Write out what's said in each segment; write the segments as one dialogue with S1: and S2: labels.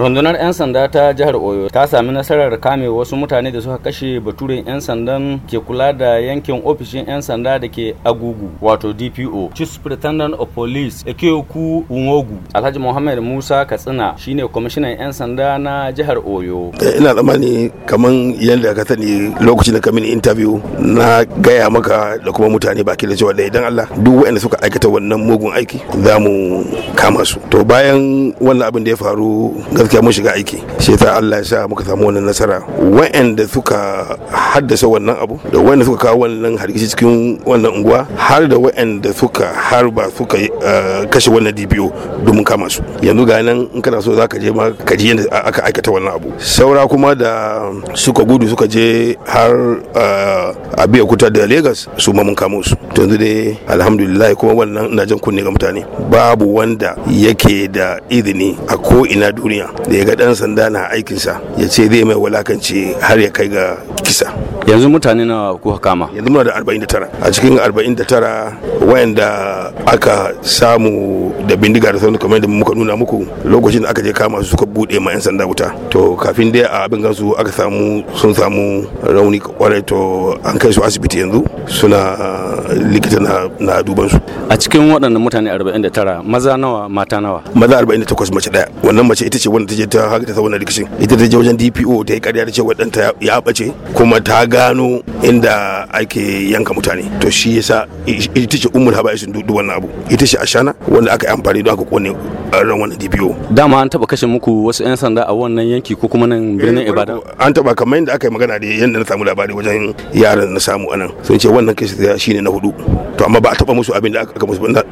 S1: rundunar 'yan sanda ta jihar oyo ta sami nasarar kame wasu mutane da suka kashe baturen 'yan sandan ke kula da yankin ofishin 'yan sanda da ke agugu wato dpo chief superintendent of police ekeoku unwogu alhaji muhammad musa katsina shine kwamishinan 'yan sanda na jihar oyo eh, ina
S2: tsammani kaman yadda ka sani lokacin da kamin interview na gaya maka da kuma mutane baki da cewa da idan allah duk waɗanda suka aikata wannan mugun aiki za mu kama su to bayan wannan abin da ya faru gaskiya mun shiga aiki shi ta Allah ya sa muka samu wannan nasara wa'anda suka haddasa wannan abu da wa'anda suka kawo wannan hargitsi cikin wannan unguwa har da wa'anda suka harba suka eh, kashe wannan dibiyo. domin kama su yanzu ga nan in kana so zaka je ma ka ji yadda aka aikata wannan abu saura kuma da suka gudu suka je har eh, a biya kuta da Lagos su ma mun kamo su to yanzu dai alhamdulillah kuma wannan ina jan kunne ga mutane babu wanda yake da izini a ko ina duniya da ya ga ɗan sanda na aikinsa ya ce zai mai wulakanci har ya kai ga kisa yanzu
S1: mutane na kuka kama yanzu muna da 49
S2: a cikin 49 wayanda aka samu da bindiga da sauran kamar da muka nuna muku lokacin da aka je kama su suka bude ma yan sanda wuta to kafin dai a abin gansu aka samu sun samu rauni kwarai
S1: to an kai su asibiti yanzu suna likita na, duban su a cikin waɗannan mutane 49 maza nawa mata nawa
S2: maza 48 mace daya
S1: wannan mace ita ce wanda ta je
S2: ta haka ta wannan rikicin ita ta je wajen DPO ta yi ƙarya ta ce danta ya bace kuma ta gano inda ake yanka mutane to shi yasa ita ce ummul habaisin duk wannan abu ita ce ashana wanda aka yi amfani don aka kone ran wannan dibiyo dama an taba kashe muku wasu yan sanda a wannan yanki ko kuma nan birnin eh, Ibadan an taba kamar yadda aka yi magana da yadda na samu labari wajen yaran na samu anan sun ce wannan kashi shine na hudu to amma ba a taba musu abin da aka musu ina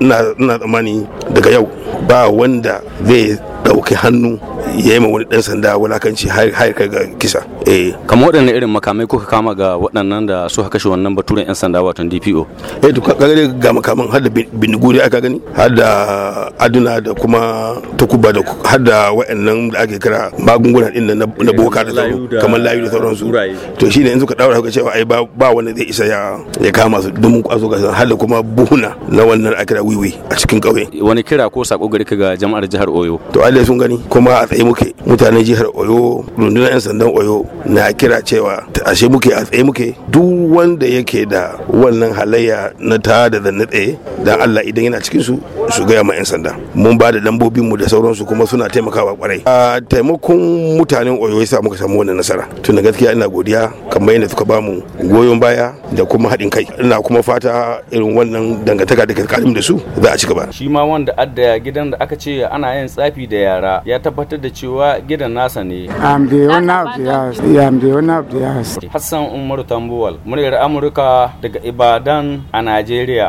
S2: tsammani daga yau ba wanda zai dauki hannu ya yi wani dan sanda wulakanci har kai ga
S1: kisa eh kamar waɗannan irin makamai kuka kama ga waɗannan da suka kashe wannan baturen yan sanda wato DPO eh to ka gane ga makaman har da bindiguri
S2: aka gani har da aduna da kuma tukuba da har da waɗannan da ake kira magunguna din na eh, boka da sauran kamar layu da sauransu to shine yanzu ka daura ka cewa ai ba wani zai isa ya kama su domin a zo ga har da kuma buhuna na wannan akira wiwi
S1: a cikin kauye wani kira ko sako gari ka ga jama'ar jihar Oyo to Allah sun gani kuma a tsaye muke
S2: mutanen jihar oyo rundunar 'yan sandan oyo na kira cewa ashe muke a tsaye muke duk wanda yake da wannan halayya na ta da zanne tsaye dan allah idan yana cikin su su gaya ma 'yan sanda mun ba da lambobin mu da sauransu kuma suna taimakawa kwarai a taimakon mutanen oyo ya sa muka samu wannan nasara tunda gaskiya ina godiya kamar yadda suka bamu goyon baya da kuma haɗin kai ina kuma fata irin wannan dangantaka da karkarin da su
S1: za a ci gaba shi ma wanda adda gidan da aka ce ana yin tsafi da yara ya tabbatar da da cewa gidan nasa ne. I'm the owner of the house. I'm the owner of the house. Hassan Umaru Tambuwal, muryar Amurka daga Ibadan a Najeriya.